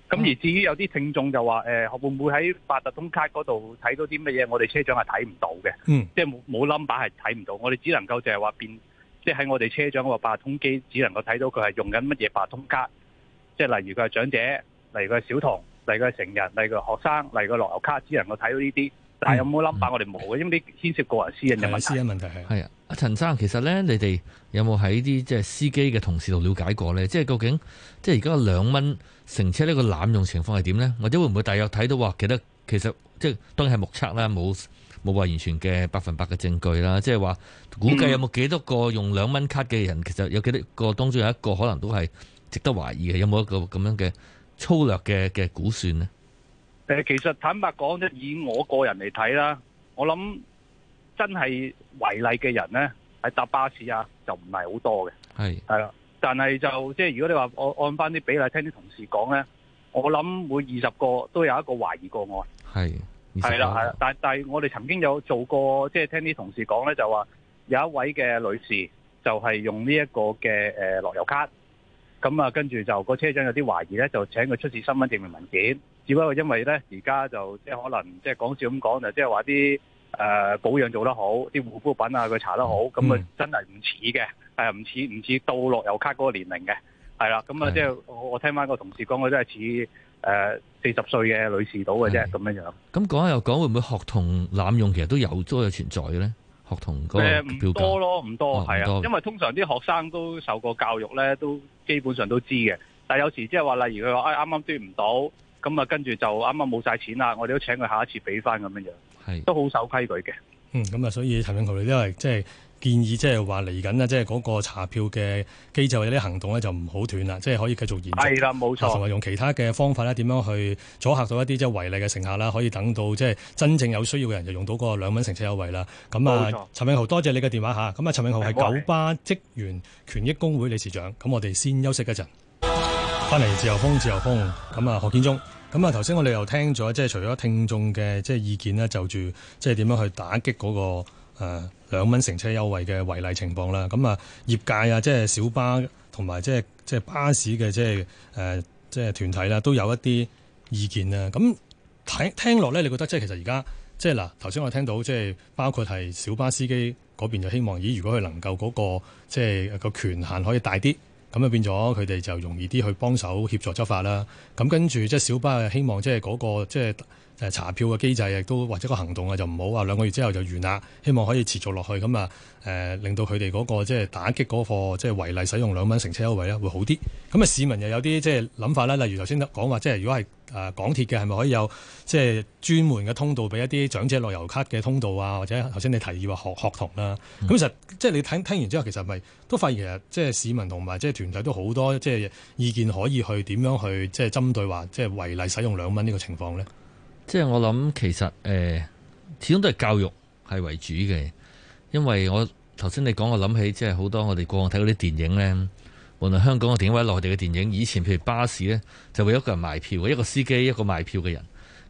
咁而至於有啲聽眾就話：學、欸、會唔會喺八達通卡嗰度睇到啲乜嘢？我哋車長係睇唔到嘅，嗯，即係冇冇冧巴係睇唔到。我哋只能夠就係話變，即係喺我哋車長個八達通機只能夠睇到佢係用緊乜嘢八達通卡，即係例如佢係長者，例如佢係小童，例如佢係成人，例如佢係學生，例如佢樂悠卡，只能夠睇到呢啲。但有冇諗法？嗯嗯、我哋冇嘅，因為你牽涉個人私隱嘅問題，私隱問題係係啊，阿陳生，其實咧，你哋有冇喺啲即係司機嘅同事度了解過咧？即係究竟，即係而家兩蚊乘車呢個濫用情況係點咧？或者會唔會大約睇到話，幾多其實即係當然係目測啦，冇冇話完全嘅百分百嘅證據啦。即係話估計有冇幾多個用兩蚊卡嘅人，嗯，其實有幾多個當中有一個可能都係值得懷疑嘅。有冇一個咁樣嘅粗略嘅嘅估算呢？其實坦白講，即以我個人嚟睇啦，我諗真係違例嘅人呢，係搭巴士啊，就唔係好多嘅。係係啦，但係就即係如果你話我按翻啲比例聽啲同事講呢，我諗每二十個都有一個懷疑個案。係係啦係啦，但但係我哋曾經有做過，即係聽啲同事講呢，就話有一位嘅女士就係用呢一個嘅誒，樂悠卡，咁啊，跟住就個車長有啲懷疑呢，就請佢出示身份證明文件。只不過因為咧，而家就即係可能即係講笑咁講就即係話啲誒保養做得好，啲護膚品啊佢搽得好，咁、嗯、啊真係唔似嘅，誒唔似唔似到樂悠卡嗰個年齡嘅，係啦，咁啊即係我我聽翻個同事講，佢真係似誒四十歲嘅女士到嘅啫咁樣樣。咁講下又講，會唔會學童濫用其實都有都有存在嘅咧？學童嗰多咯，唔多，係、哦、啊，因為通常啲學生都受過教育咧，都基本上都知嘅。但係有時即係話，例如佢話啱啱端唔到。哎剛剛咁啊，跟住就啱啱冇晒錢啦，我哋都請佢下一次俾翻咁樣樣，係都好守規矩嘅。嗯，咁啊，所以陳詠豪，你都係即係建議，即係話嚟緊咧，即係嗰個查票嘅機制或者啲行動呢，就唔好斷啦，即係可以繼續延續，係啦，冇錯，同埋用其他嘅方法呢，點樣去阻嚇到一啲即係違例嘅乘客啦，可以等到即係真正有需要嘅人就用到嗰個兩蚊乘車優惠啦。咁啊，陳詠豪，多謝你嘅電話嚇。咁啊，陳詠豪係九巴職員權益工會理事長。咁我哋先休息一陣。翻嚟自由風，自由風。咁啊，何建中。咁啊，頭先我哋又聽咗，即係除咗聽眾嘅即係意見咧，就住即係點樣去打擊嗰個誒兩蚊乘車優惠嘅違例情況啦。咁啊，業界啊，即係小巴同埋即係即係巴士嘅即係誒即係團體啦，都有一啲意見啊。咁睇聽落咧，你覺得即係其實而家即係嗱，頭先我聽到即係包括係小巴司機嗰邊就希望，咦，如果佢能夠嗰個即係個權限可以大啲。咁就變咗佢哋就容易啲去幫手協助執法啦。咁跟住即係小巴希望即係嗰個即係。誒查票嘅機制亦都或者個行動啊，就唔好話兩個月之後就完啦。希望可以持續落去咁啊、呃，令到佢哋嗰個即係打擊嗰個即係違例使用兩蚊乘車優惠咧，會好啲。咁啊，市民又有啲即係諗法啦。例如頭先講話，即係如果係誒港鐵嘅，係咪可以有即係專門嘅通道俾一啲長者樂悠咭嘅通道啊？或者頭先你提議話學學童啦，咁、嗯、其實即係你聽，聽完之後，其實咪都發現其實即係市民同埋即係團體都好多即係意見可以去點樣去即係針對話即係違例使用兩蚊呢個情況咧。即係我諗，其實誒，始終都係教育係為主嘅。因為我頭先你講，我諗起即係好多我哋過往睇嗰啲電影呢，無論香港嘅電影或者內地嘅電影，以前譬如巴士呢，就會一個人賣票嘅，一個司機，一個賣票嘅人。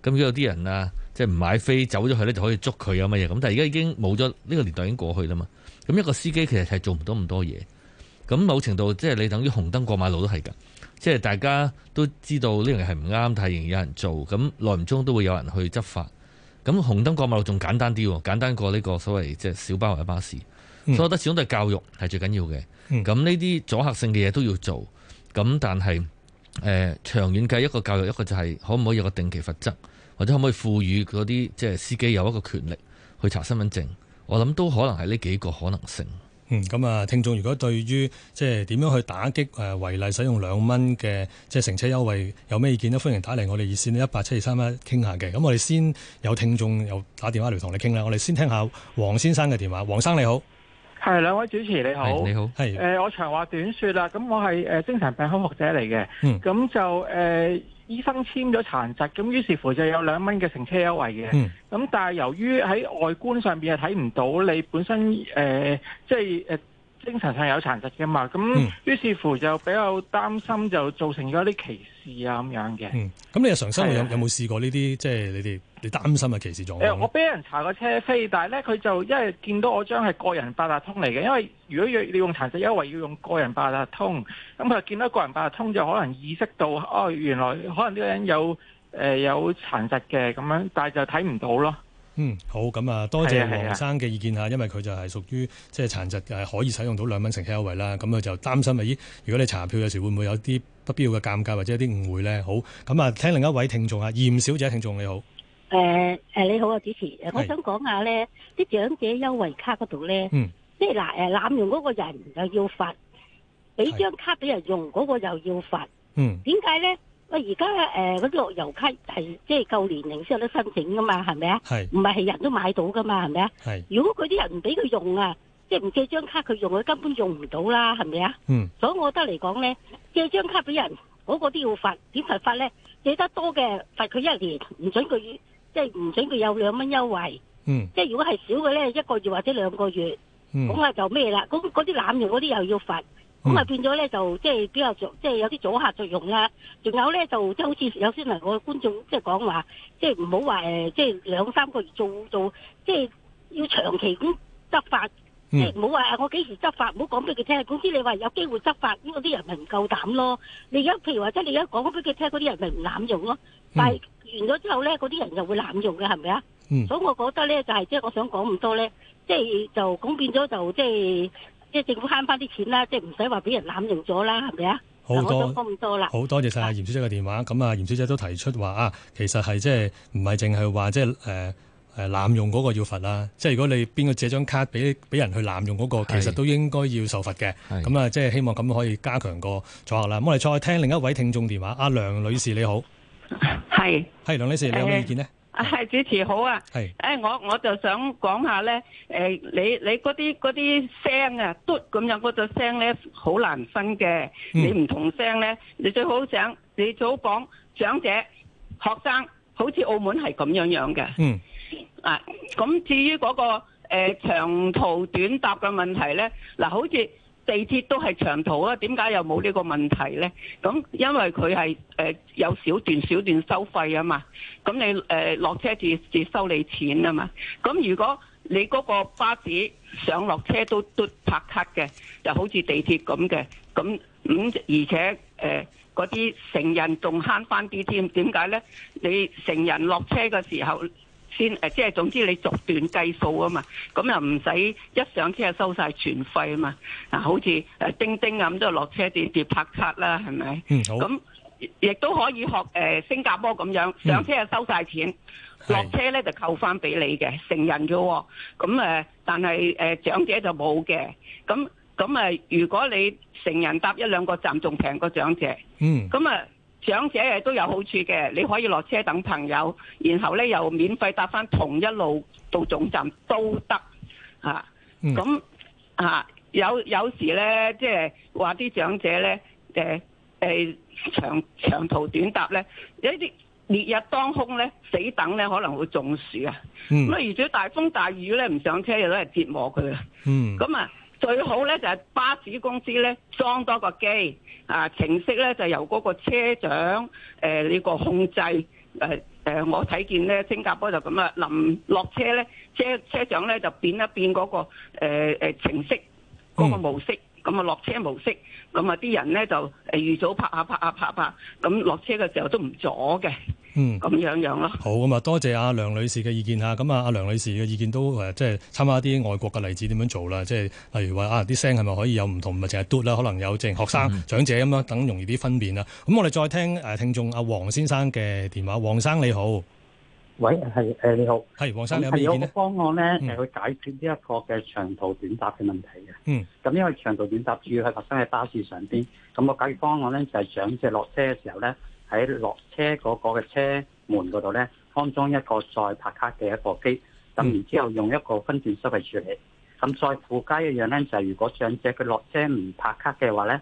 咁有啲人啊，即係唔買飛走咗去呢，就可以捉佢啊乜嘢咁。但係而家已經冇咗呢個年代，已經過去啦嘛。咁一個司機其實係做唔到咁多嘢。咁某程度即係你等於紅燈過馬路都係㗎。即係大家都知道呢樣嘢係唔啱，但仍然有人做，咁耐唔中都會有人去執法。咁紅燈過馬路仲簡單啲，簡單過呢個所謂即係小巴或者巴士、嗯。所以我覺得始終都係教育係最緊要嘅。咁呢啲阻嚇性嘅嘢都要做。咁但係誒、呃、長遠計，一個教育，一個就係可唔可以有個定期罰則，或者可唔可以賦予嗰啲即係司機有一個權力去查身份證？我諗都可能係呢幾個可能性。嗯，咁啊，聽眾如果對於即係點樣去打擊誒違例使用兩蚊嘅即係乘車優惠有咩意見咧？歡迎打嚟我哋熱線 187231, 一八七二三一傾下嘅。咁我哋先有聽眾有打電話嚟同你傾啦。我哋先聽下黃先生嘅電話。黃生你好，係兩位主持你好，你好，係、呃、我長話短說啦。咁我係精神病康復者嚟嘅，咁、嗯、就、呃醫生簽咗殘疾，咁於是乎就有兩蚊嘅乘車優惠嘅。咁、嗯、但係由於喺外觀上邊係睇唔到你本身誒、呃，即係誒、呃。精神上有殘疾嘅嘛，咁於是乎就比較擔心就造成咗啲歧視啊咁樣嘅。咁、嗯、你日常生活有有冇試過呢啲即係你哋你擔心嘅歧視狀況？呃、我俾人查過車飛，但係咧佢就因為見到我張係個人八達通嚟嘅，因為如果要你用殘疾優惠要，要用個人八達通，咁佢見到個人八達通就可能意識到哦，原來可能呢個人有、呃、有殘疾嘅咁樣，但係就睇唔到咯。嗯，好，咁啊，多謝黃生嘅意見下，因為佢就係屬於即係殘疾，係可以使用到兩蚊乘車優惠啦，咁啊就擔心咪咦，如果你查票有時會唔會有啲不必要嘅尷尬或者有啲誤會咧？好，咁啊，聽另一位聽眾啊，嚴小姐聽眾你好，誒、呃、誒你好啊，我主持，誒我想講下咧，啲長者優惠卡嗰度咧，嗯，即係嗱誒濫用嗰個人又要罰，俾張卡俾人用嗰個又要罰，嗯，點解咧？喂，而家咧，嗰啲樂悠卡係即係夠年齡先有得申請噶嘛，係咪啊？係，唔係係人都買到噶嘛，係咪啊？係。如果嗰啲人唔俾佢用啊，即係唔借張卡佢用，佢根本用唔到啦，係咪啊？嗯。所以我覺得嚟講咧，借張卡俾人，嗰個都要罰，點罰法咧？借得多嘅罰佢一年，唔准佢即係唔准佢有兩蚊優惠。嗯。即係如果係少嘅咧，一個月或者兩個月，嗯。咁啊就咩啦？嗰啲濫用嗰啲又要罰。咁、嗯、啊變咗咧就即係比較即係有啲阻嚇作用啦，仲有咧就即係好似有先嚟我嘅觀眾即係講話，即係唔好話誒，即係兩三個月做做，即係要長期咁執法，嗯、即係唔好話我幾時執法，唔好講俾佢聽。總之你話有機會執法，咁嗰啲人咪唔夠膽咯。你而家譬如話即係你而家講咗俾佢聽，嗰啲人咪唔濫用咯。嗯、但係完咗之後咧，嗰啲人又會濫用嘅，係咪啊？所以我覺得咧就係、是、即係我想講咁多咧，即係就咁變咗就即係。即係政府慳翻啲錢啦，即係唔使話俾人濫用咗啦，係咪啊？好多咁多啦，好多謝晒阿嚴小姐嘅電話。咁啊，嚴、啊、小姐都提出話啊，其實係即係唔係淨係話即係誒誒濫用嗰個要罰啦、啊。即係如果你邊個借張卡俾俾人去濫用嗰、那個，其實都應該要受罰嘅。咁啊，啊，即係希望咁可以加強個阻嚇啦、啊。我哋再聽另一位聽眾電話，阿、啊、梁女士你好，係係梁女士，你有咩意見呢？呃係主持好啊！係，誒、哎，我我就想講下咧，誒、呃，你你嗰啲嗰啲聲啊，嘟咁樣嗰隻聲咧，好、那個、難分嘅、嗯。你唔同聲咧，你最好想，你最好講長者、學生，好似澳門係咁樣樣嘅。嗯，啊，咁至於嗰、那個誒、呃、長途短搭嘅問題咧，嗱、啊，好似。地鐵都係長途啊，點解又冇呢個問題呢？咁因為佢係誒有小段小段收費啊嘛，咁你誒落車至至收你錢啊嘛。咁如果你嗰個巴士上落車都都拍卡嘅，就好似地鐵咁嘅，咁咁而且誒嗰啲成人仲慳返啲添，點解呢？你成人落車嘅時候。先即係總之你逐段計數啊嘛，咁又唔使一上車就收晒全費啊嘛，嗱、啊、好似誒叮叮咁都落車折接拍卡啦，係咪？嗯，好。咁亦都可以學誒、呃、新加坡咁樣，上車就收晒錢，落、嗯、車咧就扣翻俾你嘅成人嘅喎。咁但係誒、呃、長者就冇嘅。咁咁、呃、如果你成人搭一兩個站仲平過長者。嗯。咁啊。呃長者誒都有好處嘅，你可以落車等朋友，然後咧又免費搭返同一路到總站都得嚇。咁、嗯啊、有有時咧，即係話啲長者咧，誒、呃、長，長途短搭咧，有啲烈日當空咧，死等咧可能會中暑啊。咁、嗯、啊，如果大風大雨咧唔上車，又都係折磨佢啊。咁、嗯、啊～、嗯最好咧就係、係、巴士公司咧裝多個機啊、呃、程式咧就由嗰個車長呢、呃呢個控制誒、呃、我睇見咧新加坡就咁啦，臨落車咧車車長咧就變一變嗰、嗰個誒、呃、程式嗰、嗰個模式，咁啊落車模式，咁啊啲人咧就誒預早拍下拍下拍拍，咁落車嘅時候都唔阻嘅。嗯，咁樣樣啦，好，咁啊，多謝阿梁女士嘅意見啊。咁啊，阿梁女士嘅意見都誒，即係參考一啲外國嘅例子點樣做啦。即係例如話啊，啲聲係咪可以有唔同？唔係淨係嘟可能有淨係學生、嗯、長者咁樣等容易啲分辨啦。咁我哋再聽誒聽眾阿黃先生嘅電話。黃先生你好，喂，係誒、呃、你好，係黃先生，你有咩意見呢？係有方案咧，係、嗯、去解決呢一個嘅長途短搭嘅問題嘅。嗯，咁因為長途短搭主要係發生喺巴士上邊，咁個解決方案咧就係長者落車嘅時候咧。喺落車嗰個嘅車門嗰度咧，安裝一個再拍卡嘅一個機，咁然之後用一個分段收費處理。咁再附加一樣咧，就係如果長者佢落車唔拍卡嘅話咧，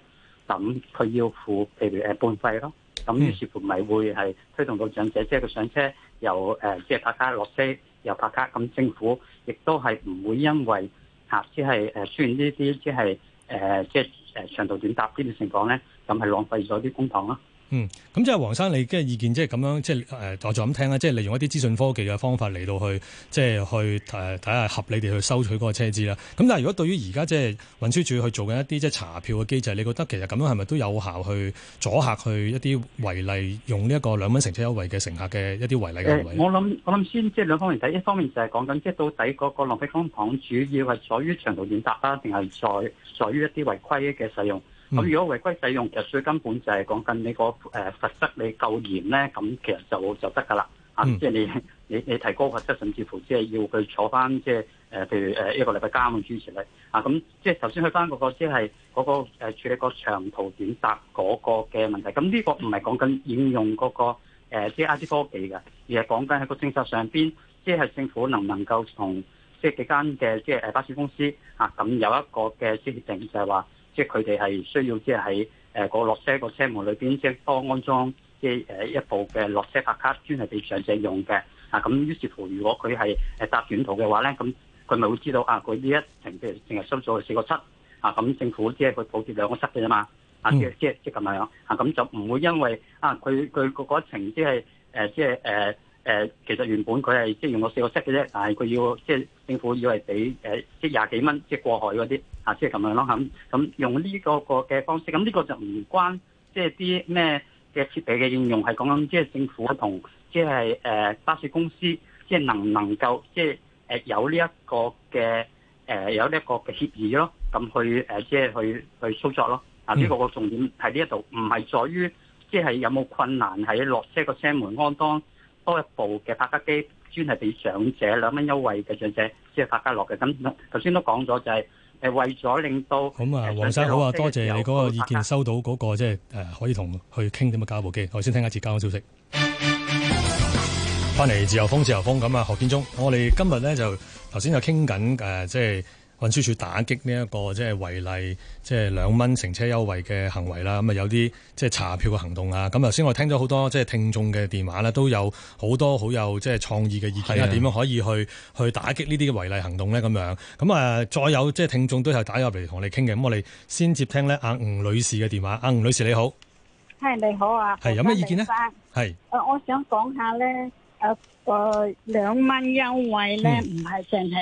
咁佢要付譬如誒半費咯。咁於是乎咪會係推動到長者即係佢上車又誒即係拍卡落車又拍卡。咁政府亦都係唔會因為嚇即係誒出現呢啲即係誒即係誒長途短搭呢啲情況咧，咁係浪費咗啲公帑咯。嗯，咁即係黃生，你嘅意見即係咁樣，即係誒，我再咁聽啦，即係利用一啲資訊科技嘅方法嚟到去，即係去睇睇下合理哋去收取嗰個車資啦。咁但係如果對於而家即係運輸署去做緊一啲即係查票嘅機制，你覺得其實咁樣係咪都有效去阻嚇去一啲違例用呢一個兩蚊乘車優惠嘅乘客嘅一啲違例嘅行為？我諗我諗先，即係兩方面睇，第一方面就係講緊，即係到底嗰個浪費空磅主要係在於長途捷達啊，定係在在於一啲違規嘅使用？咁、嗯、如果違規使用，其實最根本就係講緊你個誒罰則，你夠嚴呢，咁其實就就得㗎啦。即係你你，你提高罰則，甚至乎即係要佢坐返，即係誒，譬如誒一個禮拜監控之前咧。啊，咁即係頭先去返嗰個即係嗰個誒處理個長途短達嗰個嘅問題。咁呢個唔係講緊應用嗰、那個、呃、即係 I T 科技㗎，而係講緊喺個政策上邊，即係政府能唔能夠同即係幾間嘅即係巴士公司啊咁有一個嘅協定就，就係話。即係佢哋係需要即係喺誒個落車個車門裏邊即係幫安裝即係誒一部嘅落車拍卡專上用的，專係俾長者用嘅啊。咁於是乎，如果佢係誒搭短途嘅話咧，咁佢咪會知道啊？佢呢一程即係淨係收咗四個七啊。咁政府只係佢補貼兩個七嘅啫嘛。啊，即即係即係咁樣樣啊。咁就唔會因為啊，佢佢嗰程即係誒，即係誒。誒，其實原本佢係即係用咗四個 set 嘅啫，但係佢要即係、就是、政府以為俾即係廿幾蚊，即、就、係、是就是、過海嗰啲啊，即係咁樣咯。咁咁用呢個嘅方式，咁呢個就唔關即係啲咩嘅設備嘅應用係講緊，即係、就是、政府同即係誒巴士公司，即、就、係、是、能唔能夠即係、就是、有呢一個嘅誒有呢一個嘅協議咯，咁去即係、就是、去去操作咯。啊，呢個個重點喺呢一度，唔係在於即係、就是、有冇困難喺落車個車門安裝。多一部嘅拍卡機，專係俾長者兩蚊優惠嘅長者，即係拍卡落嘅。咁頭先都講咗、就係，就係誒為咗令到咁啊，黃生好啊，嗯、多謝你嗰個意見，收到嗰、嗰個即係誒可以同佢傾點樣加部機。我先聽下次交通消息，翻嚟自由風，自由風咁啊，何建中，我哋今日咧就頭先就傾緊誒，即係。運輸署打擊呢一個即係違例，即係兩蚊乘車優惠嘅行為啦。咁啊有啲即係查票嘅行動啊。咁頭先我聽咗好多即係聽眾嘅電話咧，都有好多好有即係創意嘅意見啊。點樣可以去去打擊呢啲違例行動咧？咁樣咁啊，再有即係聽眾都係打入嚟同我哋傾嘅。咁我哋先接聽咧，阿吳女士嘅電話。阿吳女士你好，係你好啊，係有咩意見呢？係、呃，我想講下咧，啊個兩蚊優惠咧，唔係淨係。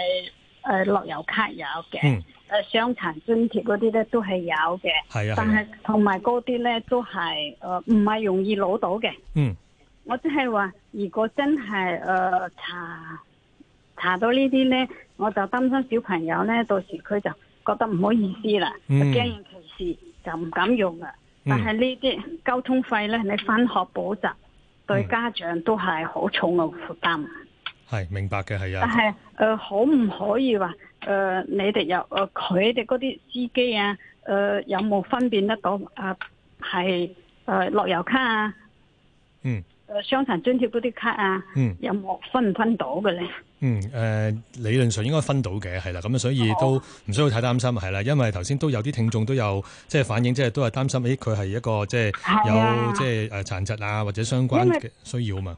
誒、呃，樂悠卡有嘅，誒、嗯，傷殘津貼嗰啲咧都係有嘅，係啊，但係同埋嗰啲咧都係誒唔係容易攞到嘅。嗯，我即係話，如果真係誒、呃、查查到這些呢啲咧，我就擔心小朋友咧，到時佢就覺得唔好意思啦，驚、嗯、人歧視就唔敢用啦、嗯。但係呢啲交通費咧，你返學補習，對家長都係好重嘅負擔。嗯嗯係明白嘅，係啊。但係，誒、呃，可唔可以話，誒、呃，你哋有，誒、呃，佢哋嗰啲司機啊，誒、呃，有冇分辨得到啊？係、呃，誒，樂悠、呃、咭啊，嗯，誒，傷殘津貼嗰啲卡啊，嗯，有冇分唔分到嘅咧？嗯，誒、呃，理論上應該分到嘅，係啦，咁啊，所以都唔需要太擔心，係啦、啊。因為頭先都有啲聽眾都有即係、就是、反映，即、就、係、是、都係擔心，誒、哎，佢係一個即係、就是、有即係誒殘疾啊或者相關嘅需要嘛。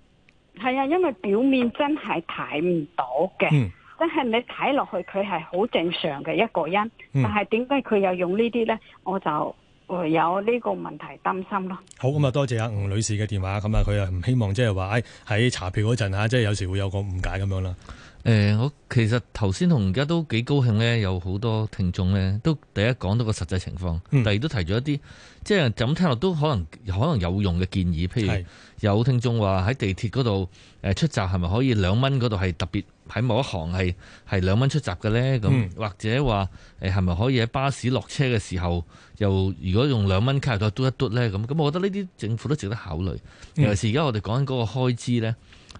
係啊，因為表面真係睇唔到嘅。即、嗯、係你睇落去佢係好正常嘅一個人、嗯，但係點解佢又用這些呢啲咧？我就會有呢個問題擔心咯。好，咁、嗯、啊多謝阿吳女士嘅電話，咁啊佢又唔希望即係話喺查票嗰陣吓，即係有時會有個誤解咁樣啦。誒、欸，我其實頭先同而家都幾高興咧，有好多聽眾咧，都第一講到個實際情況，第二都提咗一啲，即係咁聽落都可能可能有用嘅建議，譬如有聽眾話喺地鐵嗰度誒出閘係咪可以兩蚊嗰度係特別。喺某一行係係兩蚊出閘嘅呢，咁、嗯、或者話誒係咪可以喺巴士落車嘅時候，又如果用兩蚊卡喺度嘟一嘟呢？咁，咁我覺得呢啲政府都值得考慮。尤其是而家我哋講緊嗰個開支呢，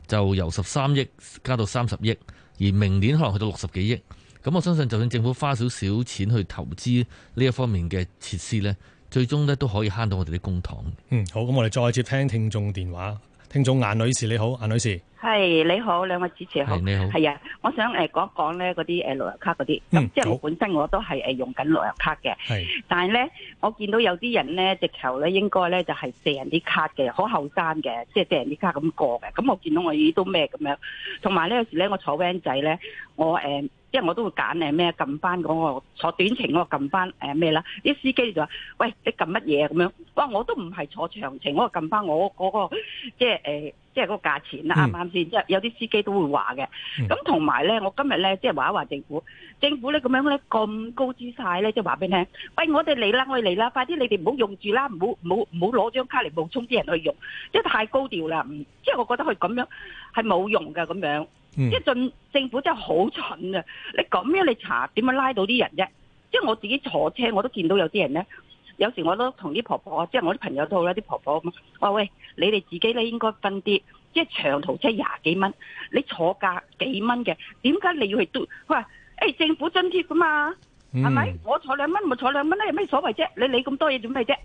就由十三億加到三十億，而明年可能去到六十幾億。咁我相信，就算政府花少少錢去投資呢一方面嘅設施呢，最終咧都可以慳到我哋啲公帑。嗯，好，咁我哋再接聽聽眾電話。聽眾顏女士你好，顏女士。係，你好，兩位主持好。係、hey，啊，我想誒講講咧嗰啲誒旅遊卡嗰啲，咁、嗯、即係我本身我都係誒用緊旅遊卡嘅。係、嗯，但係咧我見到有啲人咧直頭咧應該咧就係、是、借人啲卡嘅，好後生嘅，即係借人啲卡咁過嘅。咁我見到我咦都咩咁樣，同埋咧有時咧我坐 van 仔咧，我誒。呃即係我都會揀誒咩啊，撳翻嗰個坐短程嗰、嗰個撳翻咩啦？啲、呃、司機就話，喂，你撳乜嘢咁樣，哇！我都唔係坐長程嗰個撳翻我嗰個，即係即係嗰個價錢啦，啱啱先？即係、嗯、有啲司機都會話嘅。咁、嗯、同埋咧，我今日咧即係話一話政府，政府咧咁樣咧咁高姿態咧，即係話俾你聽，喂，我哋嚟啦，我哋嚟啦，快啲你哋唔好用住啦，唔好唔好唔好攞張卡嚟冒充啲人去用，即係太高調啦，唔即係我覺得佢咁樣係冇用嘅咁樣。嗯、即係盡政府真係好蠢啊！你咁樣你查，點樣拉到啲人啫？即係我自己坐車，我都見到有啲人咧。有時我都同啲婆婆，即係我啲朋友都好啦，啲婆婆咁。我話喂，你哋自己咧應該分啲，即係長途車廿幾蚊，你坐價幾蚊嘅，點解你要去賭？佢話誒，政府津貼噶嘛，係、嗯、咪？我坐兩蚊，咪坐兩蚊咧，有咩所謂啫？你理咁多嘢做咩啫？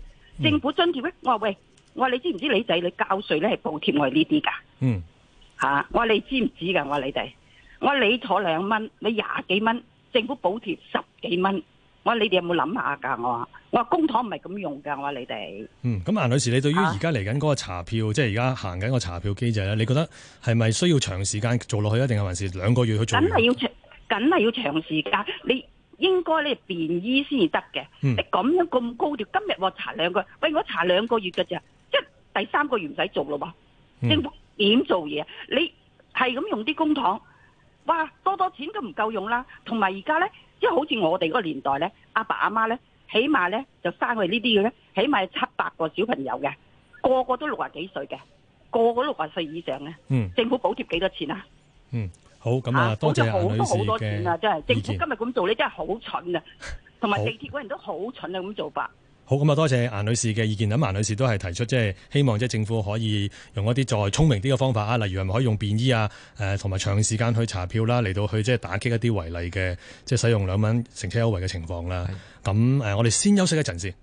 政府津貼？我話喂，我話你知唔知你仔你交稅咧係補貼我哋呢啲噶？嗯。吓、啊！我話你知唔知噶？我話你哋，我話你坐兩蚊，你廿幾蚊，政府補貼十幾蚊。我話你哋有冇諗下噶？我話我話公帑唔係咁用噶。我話你哋。嗯，咁、嗯、顏女士，你對於而家嚟緊嗰個查票，啊、即係而家行緊個查票機制咧，你覺得係咪需要長時間做落去啊？定係還是兩個月去做？梗係要長，梗係要長時間。你應該咧便衣先至得嘅。你咁樣咁高調，今日我查兩個，喂，我查兩個月噶咋？即係第三個月唔使做咯？嘛、嗯，政府。點做嘢？你係咁用啲公帑，哇，多多錢都唔夠用啦。同埋而家咧，即係好似我哋嗰個年代咧，阿爸阿媽咧，起碼咧就生佢呢啲嘅咧，起碼有七八個小朋友嘅，個個都六十幾歲嘅，個個六十歲以上嘅。嗯，政府補貼幾多錢啊？嗯，好，咁啊，多好多好多錢啊，即係政府今日咁做咧，真係好蠢啊！同埋地鐵嗰人都好蠢啊！咁做法。好，咁啊，多謝顏女士嘅意見，咁顏女士都係提出即係希望即係政府可以用一啲再聰明啲嘅方法啊，例如係咪可以用便衣啊？誒，同埋長時間去查票啦，嚟到去即係打擊一啲違例嘅即係使用兩蚊乘車優惠嘅情況啦。咁，誒，我哋先休息一陣先。